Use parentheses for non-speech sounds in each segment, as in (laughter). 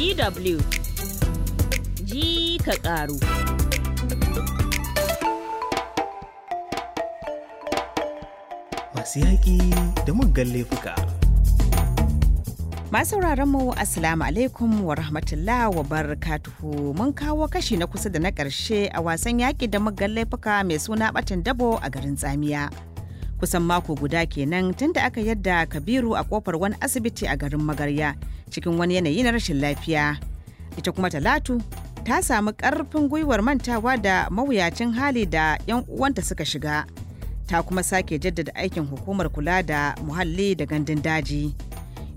DW ji ka ƙaru. Masu yaƙi da muggan laifuka. Masu mu Assalamu alaikum wa rahmatullah wa barakatuhu mun kawo kashi na kusa da na ƙarshe a wasan yaƙi da muggan laifuka mai suna ɓatan dabo a garin tsamiya. kusan mako guda kenan tunda aka yadda kabiru a kofar wani asibiti a garin magarya cikin wani yanayi na rashin lafiya ita kuma talatu ta samu karfin gwiwar mantawa da mawuyacin hali da 'yan uwanta suka shiga ta kuma sake jaddada aikin hukumar kula da muhalli da gandun daji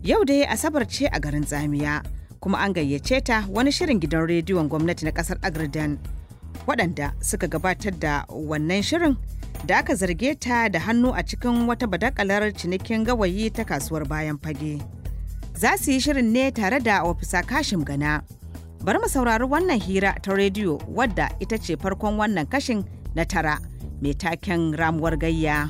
yau dai asabar ce a garin tsamiya kuma an gayyace ta wani shirin gidan rediyon gwamnati na kasar agridan waɗanda suka gabatar da wannan shirin da aka zarge ta da hannu a cikin wata badakalar cinikin gawayi ta kasuwar bayan fage. Za su yi shirin ne tare da ofisa Kashim Gana. Bari mu saurari wannan hira ta rediyo wadda ita ce farkon wannan kashin na tara mai taken ramuwar gayya.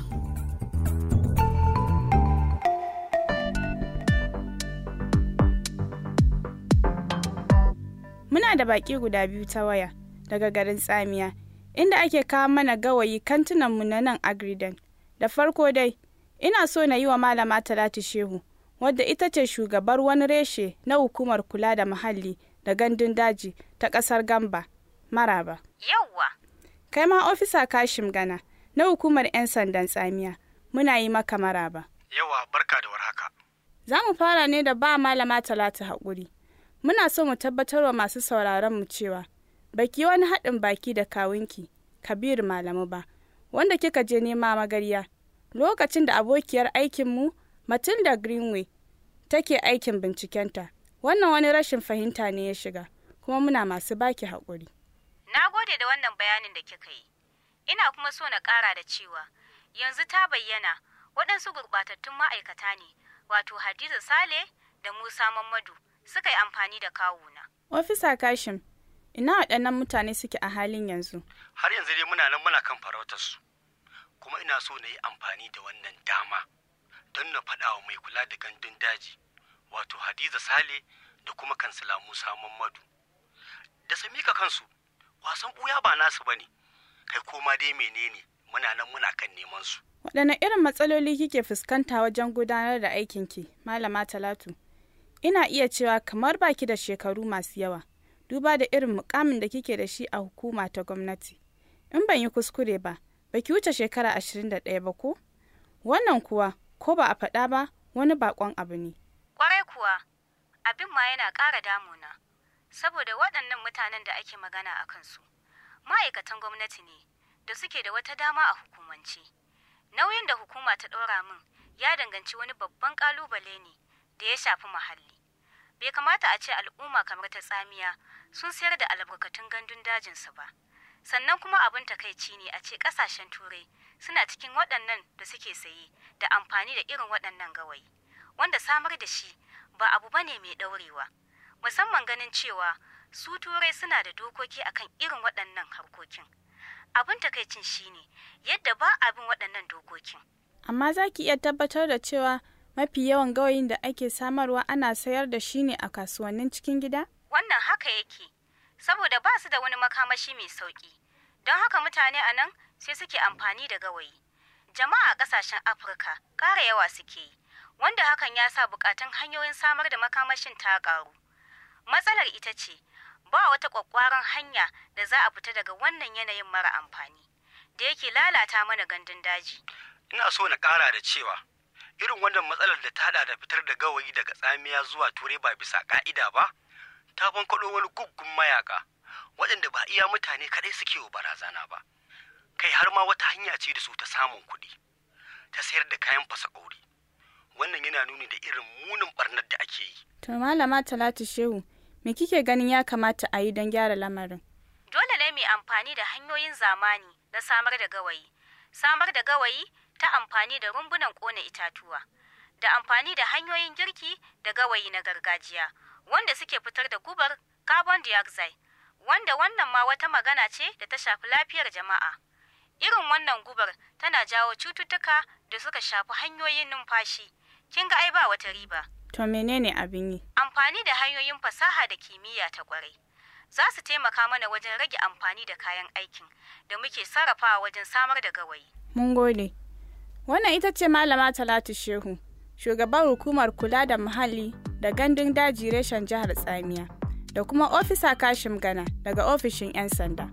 Muna da baƙi guda biyu ta waya daga garin Tsamiya inda ake kawo mana gawayi kantinanmu na nan agridan da farko dai ina so na yi wa malama talatu shehu wadda ita ce shugabar wani reshe na hukumar kula da muhalli da gandun daji ta ƙasar gamba maraba yawwa kai ma ofisa kashim gana na hukumar 'yan sandan tsamiya muna yi maka maraba yawa barka da warhaka za mu fara ne da ba malama talatu haƙuri muna so mu tabbatar wa masu sauraron mu cewa baki wani haɗin baki da kawunki kabir malamu ba wanda kika je nema magarya lokacin da abokiyar aikinmu matilda greenway take aikin bincikenta wannan wani rashin fahimta ne ya shiga kuma muna masu baki haƙuri na gode da wannan bayanin da kika yi ina kuma so na ƙara da cewa yanzu ta bayyana waɗansu gurɓatattun ma'aikata ne wato hadiza sale da musa mamadu suka yi amfani da kawuna ofisa kashin. Ina waɗannan mutane suke a halin yanzu? Har yanzu dai muna nan muna kan farautarsu. Kuma ina so na yi amfani da wannan dama don na faɗa wa mai kula da gandun daji, wato Hadiza Sale da kuma kansila Musa Muhammadu. Da sami ka kansu, wasan ɓuya ba nasu ba ne, kai koma dai menene muna nan muna kan neman su. Waɗanne irin matsaloli kike fuskanta wajen gudanar da aikinki, Malama Talatu? Ina iya cewa kamar baki da shekaru masu yawa. duba da irin mukamin da kike da shi a hukuma ta gwamnati in ban yi kuskure ba ba ki wuce shekara 21 ba ko wannan kuwa ko ba a faɗa ba wani bakon abu ne kwarai kuwa abin ma yana ƙara damuna saboda waɗannan mutanen da ake magana a kansu ma'aikatan gwamnati ne da suke da wata dama a hukumance nauyin da hukuma ta ɗora min ya danganci wani babban ƙalubale ne da ya shafi muhalli bai kamata a ce al'umma kamar ta tsamiya sun sayar da albarkatun gandun dajinsu ba sannan kuma abin takaici ne a ce kasashen turai suna cikin waɗannan da suke saye da amfani da irin waɗannan gawayi wanda samar da shi ba abu ba ne mai ɗaurewa musamman ganin cewa su turai suna da dokoki akan irin waɗannan harkokin abin takaicin shine yadda ba abin waɗannan dokokin amma za ki iya tabbatar da cewa mafi yawan gawayin da ake samarwa ana sayar da shi ne a kasuwannin cikin gida wannan haka yake saboda ba su da wani makamashi mai sauƙi don haka mutane a nan sai suke amfani da gawayi jama'a a ƙasashen afirka ƙara yawa suke yi wanda hakan ya sa buƙatun hanyoyin samar da makamashin ta ƙaru matsalar ita ce ba wata ƙwaƙƙwaran hanya da za a fita daga wannan yanayin mara amfani da yake lalata mana gandun daji ina so na ƙara da cewa irin wannan matsalar da ta haɗa da fitar da gawayi daga tsamiya zuwa ture ba bisa ƙa'ida ba ta bankaɗo wani guggun mayaka waɗanda ba iya mutane kaɗai suke wa barazana ba kai har ma wata hanya ce da su ta samun kuɗi ta sayar da kayan fasa ƙauri wannan yana nuni da irin munin ɓarnar da ake yi to malama talatu shehu me kike ganin ya kamata a yi don gyara lamarin dole ne mai amfani da hanyoyin zamani na samar da gawayi samar da gawayi ta amfani da rumbunan ƙona itatuwa da amfani da hanyoyin girki da gawayi na gargajiya wanda suke fitar da gubar carbon dioxide wanda wannan ma wata magana ce da ta shafi lafiyar jama'a irin wannan gubar tana jawo cututtuka da suka shafi hanyoyin numfashi kin ga ai ba wata riba to menene abin yi amfani da hanyoyin fasaha da kimiyya ta kwarai za su taimaka mana wajen rage amfani da kayan aikin da muke sarrafawa wajen samar da gawayi mun gode wannan ita ce malama talatu shehu shugaban hukumar kula da muhalli da gandun daji reshen jihar tsamiya da kuma ofisa kashim gana daga ofishin 'yan sanda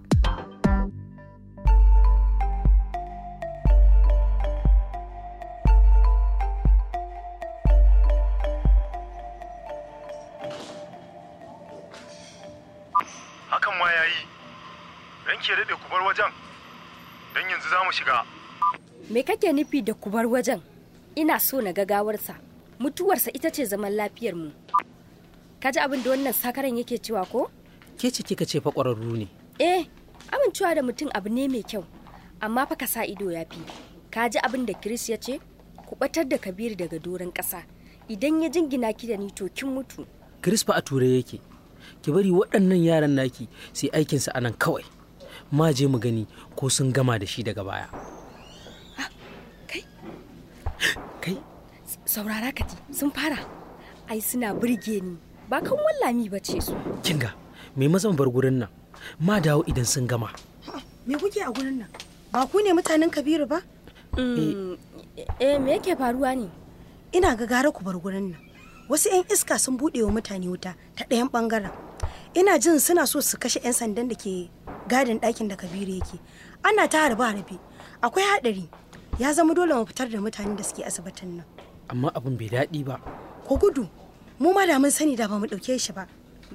hakan ma yayi ke daɗe kubar wajen don yanzu za mu shiga me kake nufi da kubar wajen ina so na ga gawarsa mutuwarsa ita ce zaman lafiyar mu kaji abin da wannan sakaran yake cewa ko ke ce kika ce fa ƙwararru ne eh amincewa da mutum abu ne mai kyau amma fa ka sa ido ya fi kaji abin da Chris ya ce ku batar da Kabiru daga doron ƙasa idan ya jingina ki da ni to kin mutu Chris fa a ture yake ki bari waɗannan yaran naki sai aikinsa anan kawai ma je mu gani ko sun gama da shi daga baya kai saurara ka ji sun fara ai suna burge ni ba kan wallami ba ce su kinga me mazan bar gurin nan ma dawo idan sun gama me kuke a gurin nan ba ku ne mutanen kabiru ba mm, eh me yake faruwa ne ina ga gara ku bar gurin nan wasu 'yan iska sun buɗe wa mutane wuta ta ɗayan ɓangaren ina jin suna so su kashe 'yan sandan da ke gadin ɗakin da kabiru yake ana ta harbe harbe akwai haɗari ya zama dole mu fitar da mutanen da suke asibitin nan amma abin bai daɗi ba ko gudu mu ma da mun sani da ba mu ɗauke shi ba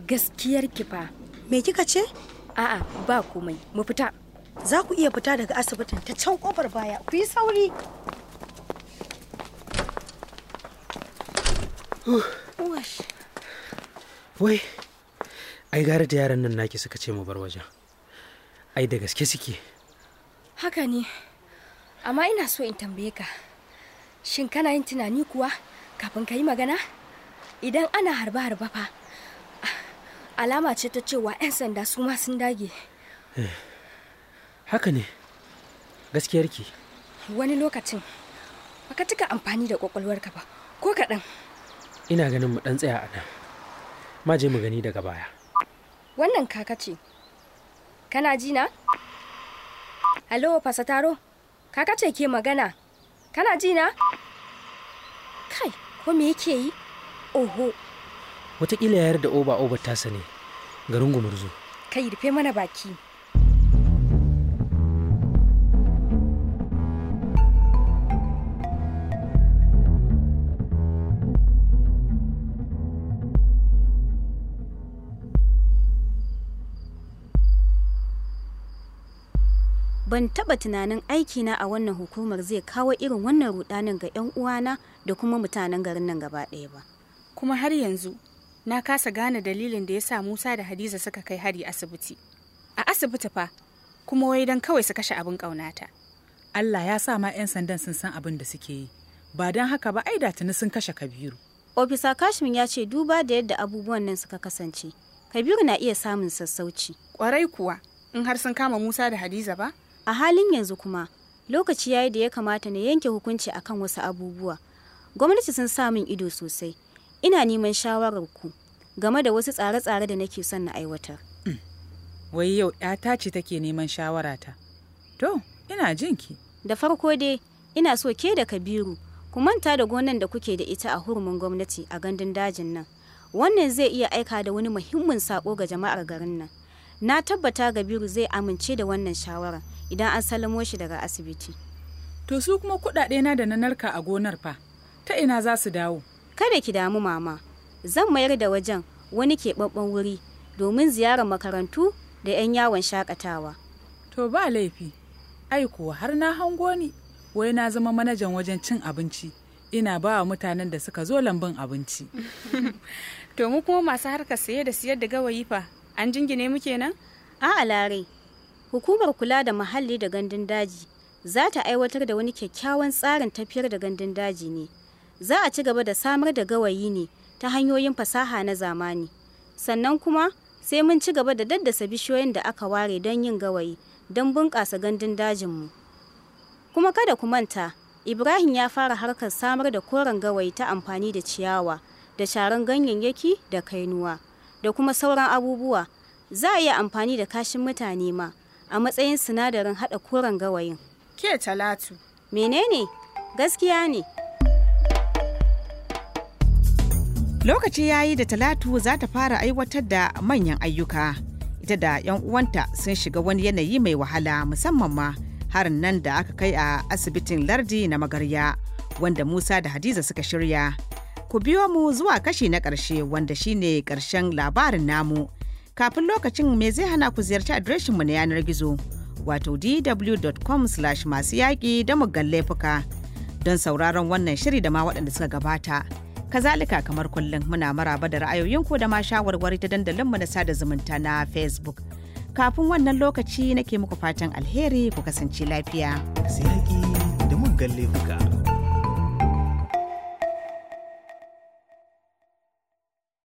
gaskiyar ki fa me kika ce a'a ba komai mu fita za ku iya fita daga asibitin ta can kofar baya ku yi sauri wai ai gara da yaran nan naki suka ce mu bar wajen ai da gaske suke haka ne amma ina so in tambaye ka shin kana yin tunani kuwa kafin ka yi magana idan ana harba-harba fa alama ce ta cewa 'yan sanda su ma sun dage eh, haka ne gaskiyarki wani lokacin baka cika amfani da kwakwalwarka ba ko kaɗan ina ganin mu ɗan tsaya a nan ma je mu gani daga baya wannan kaka ce kana jina. na? fasa taro. kaka ce ke magana kana ji na kai ko me yake yi oho wataƙila yayar da oba oba tasa ne garin gumurzu kai rufe mana baki ban taba tunanin aikina a wannan hukumar zai kawo irin wannan rudanin ga 'yan uwana da kuma mutanen garin nan gaba ɗaya ba kuma har yanzu na kasa gane dalilin da ya sa musa da hadiza suka kai hari asibiti a asibiti fa kuma wai don kawai su kashe abin ƙaunata allah ya sa ma 'yan sandan sun san abin da suke yi ba dan haka ba ai da tuni sun kashe kabiru ofisa kashmin ya ce duba da yadda abubuwan nan suka kasance kabiru na iya samun sassauci kwarai kuwa in har sun kama musa da hadiza ba a halin yanzu kuma lokaci yayi da ya kamata na yanke hukunci akan wasu abubuwa gwamnati sun sa min ido sosai ina neman shawarar ku game da wasu tsare-tsare da nake son na aiwatar hmm. wai yau ta ce take neman shawara ta? to ina jinki da farko dai ina so ke da kabiru ku manta da gonan da kuke da ita a hurumin gwamnati a gandun dajin nan wannan zai iya aika da wani muhimmin sako ga jama'ar garin nan na tabbata gabiru zai amince da wannan shawara idan an salamo shi daga asibiti to su kuma kuɗaɗe na da na narka a gonar fa ta ina za su dawo kada ki damu mama zan mayar da wajen wani keɓaɓɓen wuri domin ziyarar makarantu da 'yan yawon shakatawa to ba laifi ai kuwa har na hango ni wai na zama manajan wajen cin abinci ina ba wa mutanen da suka zo lambun abinci (laughs) to mu kuma masu harkar saye da siyar da gawayi fa An jingine mu kenan? A'a larai. Hukumar kula da muhalli da gandun daji za ta aiwatar da wani kyakkyawan tsarin tafiyar da gandun daji ne. Za a ci gaba da samar da gawayi ne ta hanyoyin fasaha na zamani. Sannan kuma sai mun ci gaba da daddasa bishiyoyin da aka ware don yin gawayi don bunƙasa gandun dajinmu. Kuma kada ku manta, Ibrahim ya fara harkar samar da koren gawayi ta amfani da ciyawa da sharan ganyayyaki da kainuwa. da kuma sauran abubuwa za a iya amfani da kashin mutane ma a matsayin sinadarin haɗa koren gawayin. Ke talatu. Menene? Gaskiya ne. Lokaci ya yi da talatu za ta fara aiwatar da manyan ayyuka. Ita da 'yan uwanta sun shiga wani yanayi mai wahala musamman ma harin nan da aka kai a asibitin lardi na magarya wanda Musa da Hadiza suka shirya. ku biyo mu zuwa kashi na ƙarshe wanda shine ƙarshen labarin namu. Kafin lokacin me zai hana ku ziyarci mu na yanar gizo wato dw.com slash masu yaƙi da muggan laifuka don sauraron wannan shiri da ma waɗanda suka gabata. Kazalika kamar kullum muna maraba da ra'ayoyinku da ma shawarwari ta dandalin mu na sada zumunta na Facebook. Kafin wannan lokaci nake muku fatan alheri ku kasance lafiya. Masu yaƙi da muggan laifuka.